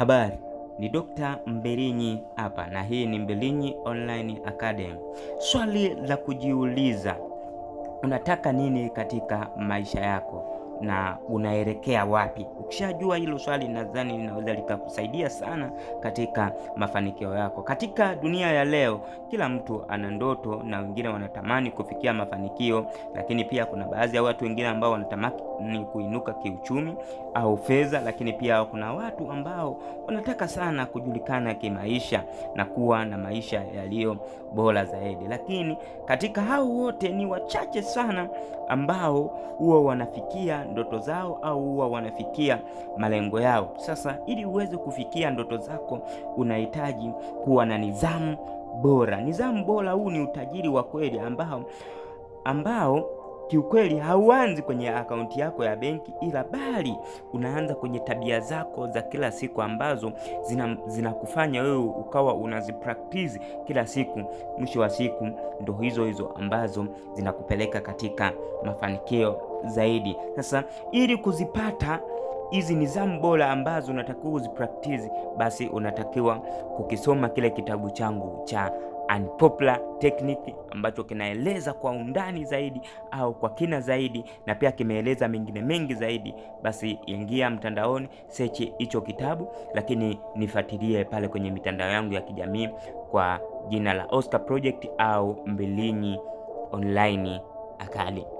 Habari, ni Dr. mberinyi hapa na hii ni mberinyi Online Academy. Swali la kujiuliza, unataka nini katika maisha yako? na unaelekea wapi. Ukishajua hilo swali, nadhani linaweza likakusaidia sana katika mafanikio yako. Katika dunia ya leo, kila mtu ana ndoto na wengine wanatamani kufikia mafanikio, lakini pia kuna baadhi ya watu wengine ambao wanatamani kuinuka kiuchumi au fedha, lakini pia kuna watu ambao wanataka sana kujulikana kimaisha na kuwa na maisha yaliyo bora zaidi, lakini katika hao wote ni wachache sana ambao huwa wanafikia ndoto zao au huwa wanafikia malengo yao. Sasa ili uweze kufikia ndoto zako, unahitaji kuwa na nidhamu bora. Nidhamu bora, huu ni utajiri wa kweli ambao ambao kiukweli hauanzi kwenye akaunti yako ya benki, ila bali unaanza kwenye tabia zako za kila siku ambazo zinakufanya zina wewe ukawa unazipractice kila siku. Mwisho wa siku ndo hizo hizo ambazo zinakupeleka katika mafanikio zaidi. Sasa ili kuzipata hizi nizamu bora ambazo unatakiwa uzipractice, basi unatakiwa kukisoma kile kitabu changu cha Unpopular Technique ambacho kinaeleza kwa undani zaidi au kwa kina zaidi, na pia kimeeleza mengine mengi zaidi. Basi ingia mtandaoni, search hicho kitabu, lakini nifuatilie pale kwenye mitandao yangu ya kijamii kwa jina la Oscar Project au Mbilinyi Online Academy.